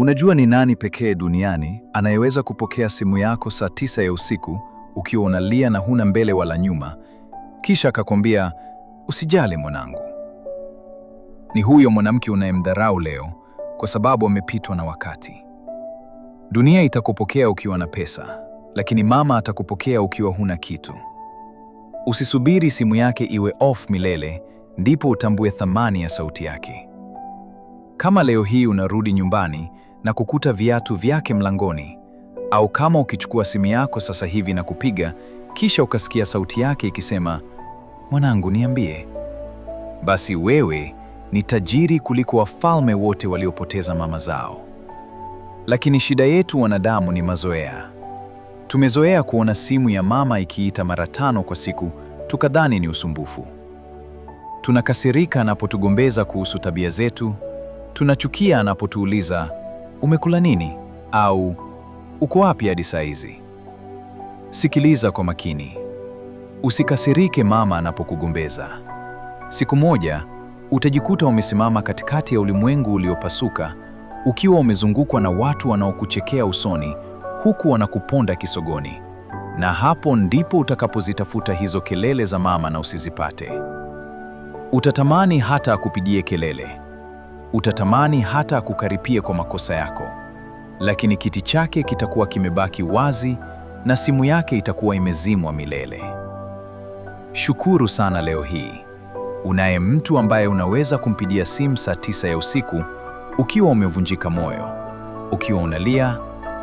Unajua ni nani pekee duniani anayeweza kupokea simu yako saa tisa ya usiku ukiwa unalia na huna mbele wala nyuma, kisha akakwambia usijali mwanangu? Ni huyo mwanamke unayemdharau leo kwa sababu amepitwa na wakati. Dunia itakupokea ukiwa na pesa, lakini mama atakupokea ukiwa huna kitu. Usisubiri simu yake iwe off milele ndipo utambue thamani ya sauti yake. Kama leo hii unarudi nyumbani na kukuta viatu vyake mlangoni, au kama ukichukua simu yako sasa hivi na kupiga, kisha ukasikia sauti yake ikisema, mwanangu, niambie. Basi wewe ni tajiri kuliko wafalme wote waliopoteza mama zao. Lakini shida yetu wanadamu ni mazoea. Tumezoea kuona simu ya mama ikiita mara tano kwa siku, tukadhani ni usumbufu. Tunakasirika anapotugombeza kuhusu tabia zetu, tunachukia anapotuuliza umekula nini? Au uko wapi hadi saa hizi? Sikiliza kwa makini, usikasirike mama anapokugombeza. Siku moja utajikuta umesimama katikati ya ulimwengu uliopasuka, ukiwa umezungukwa na watu wanaokuchekea usoni, huku wanakuponda kisogoni, na hapo ndipo utakapozitafuta hizo kelele za mama na usizipate. Utatamani hata akupigie kelele Utatamani hata akukaripie kwa makosa yako, lakini kiti chake kitakuwa kimebaki wazi na simu yake itakuwa imezimwa milele. Shukuru sana leo hii unaye mtu ambaye unaweza kumpigia simu saa tisa ya usiku ukiwa umevunjika moyo, ukiwa unalia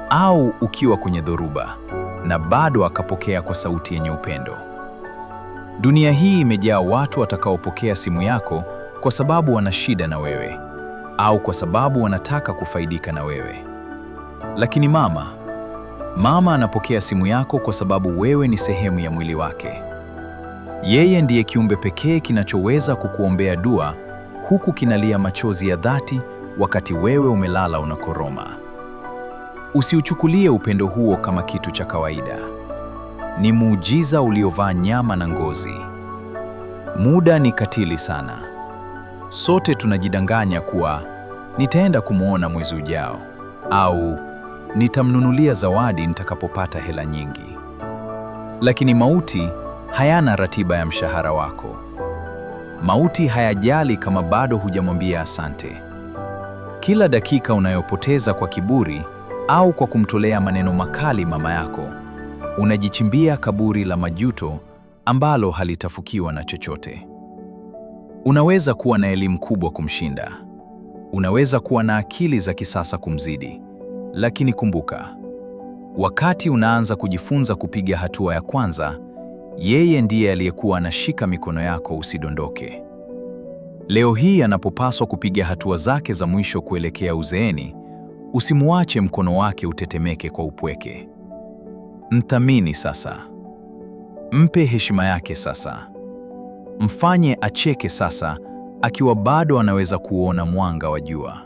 au ukiwa kwenye dhoruba, na bado akapokea kwa sauti yenye upendo. Dunia hii imejaa watu watakaopokea simu yako kwa sababu wana shida na wewe au kwa sababu wanataka kufaidika na wewe. Lakini mama, mama anapokea simu yako kwa sababu wewe ni sehemu ya mwili wake. Yeye ndiye kiumbe pekee kinachoweza kukuombea dua huku kinalia machozi ya dhati wakati wewe umelala unakoroma. Usiuchukulie upendo huo kama kitu cha kawaida. Ni muujiza uliovaa nyama na ngozi. Muda ni katili sana sote tunajidanganya kuwa nitaenda kumwona mwezi ujao au nitamnunulia zawadi nitakapopata hela nyingi. Lakini mauti hayana ratiba ya mshahara wako. Mauti hayajali kama bado hujamwambia asante. Kila dakika unayopoteza kwa kiburi au kwa kumtolea maneno makali mama yako, unajichimbia kaburi la majuto ambalo halitafukiwa na chochote. Unaweza kuwa na elimu kubwa kumshinda, unaweza kuwa na akili za kisasa kumzidi, lakini kumbuka, wakati unaanza kujifunza kupiga hatua ya kwanza, yeye ndiye aliyekuwa anashika mikono yako usidondoke. Leo hii anapopaswa kupiga hatua zake za mwisho kuelekea uzeeni, usimuache mkono wake utetemeke kwa upweke. Mthamini sasa, mpe heshima yake sasa. Mfanye acheke sasa, akiwa bado anaweza kuona mwanga wa jua.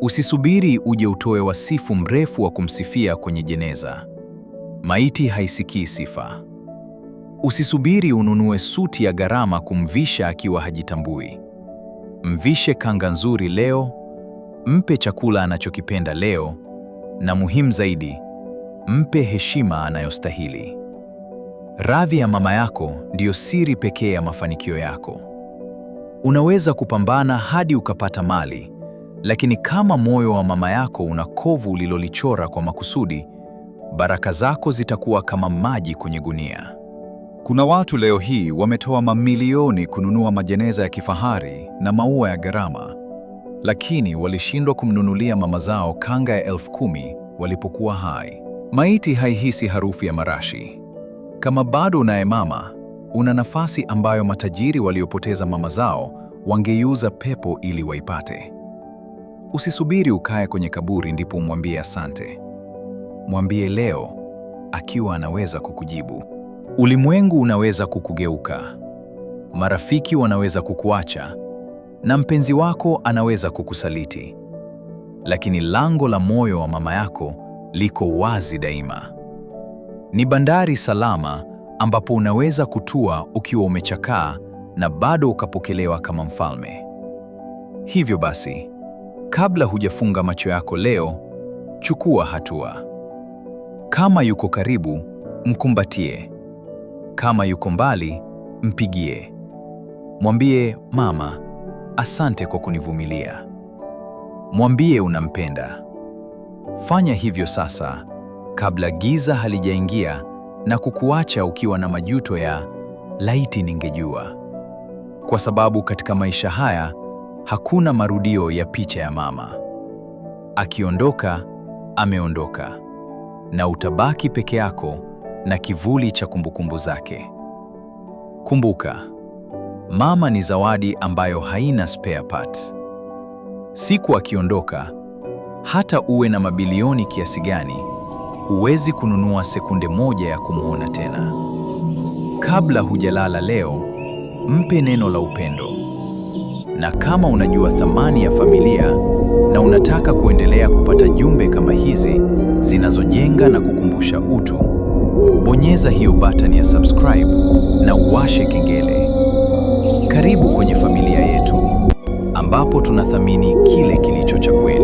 Usisubiri uje utoe wasifu mrefu wa kumsifia kwenye jeneza. Maiti haisikii sifa. Usisubiri ununue suti ya gharama kumvisha akiwa hajitambui. Mvishe kanga nzuri leo, mpe chakula anachokipenda leo, na muhimu zaidi, mpe heshima anayostahili. Radhi ya mama yako ndiyo siri pekee ya mafanikio yako. Unaweza kupambana hadi ukapata mali, lakini kama moyo wa mama yako una kovu ulilolichora kwa makusudi, baraka zako zitakuwa kama maji kwenye gunia. Kuna watu leo hii wametoa mamilioni kununua majeneza ya kifahari na maua ya gharama, lakini walishindwa kumnunulia mama zao kanga ya elfu kumi walipokuwa hai. Maiti haihisi harufu ya marashi. Kama bado unaye mama, una nafasi ambayo matajiri waliopoteza mama zao wangeiuza pepo ili waipate. Usisubiri ukae kwenye kaburi ndipo umwambie asante. Mwambie leo, akiwa anaweza kukujibu. Ulimwengu unaweza kukugeuka, marafiki wanaweza kukuacha, na mpenzi wako anaweza kukusaliti, lakini lango la moyo wa mama yako liko wazi daima. Ni bandari salama ambapo unaweza kutua ukiwa umechakaa na bado ukapokelewa kama mfalme. Hivyo basi, kabla hujafunga macho yako leo, chukua hatua. Kama yuko karibu, mkumbatie. Kama yuko mbali, mpigie. Mwambie mama, asante kwa kunivumilia. Mwambie unampenda. Fanya hivyo sasa kabla giza halijaingia na kukuacha ukiwa na majuto ya laiti ningejua. Kwa sababu katika maisha haya hakuna marudio ya picha ya mama. Akiondoka, ameondoka na utabaki peke yako na kivuli cha kumbukumbu zake. Kumbuka, mama ni zawadi ambayo haina spare part. Siku akiondoka, hata uwe na mabilioni kiasi gani huwezi kununua sekunde moja ya kumwona tena. Kabla hujalala leo, mpe neno la upendo. Na kama unajua thamani ya familia na unataka kuendelea kupata jumbe kama hizi zinazojenga na kukumbusha utu, bonyeza hiyo button ya subscribe na uwashe kengele. Karibu kwenye familia yetu ambapo tunathamini kile kilicho cha kweli.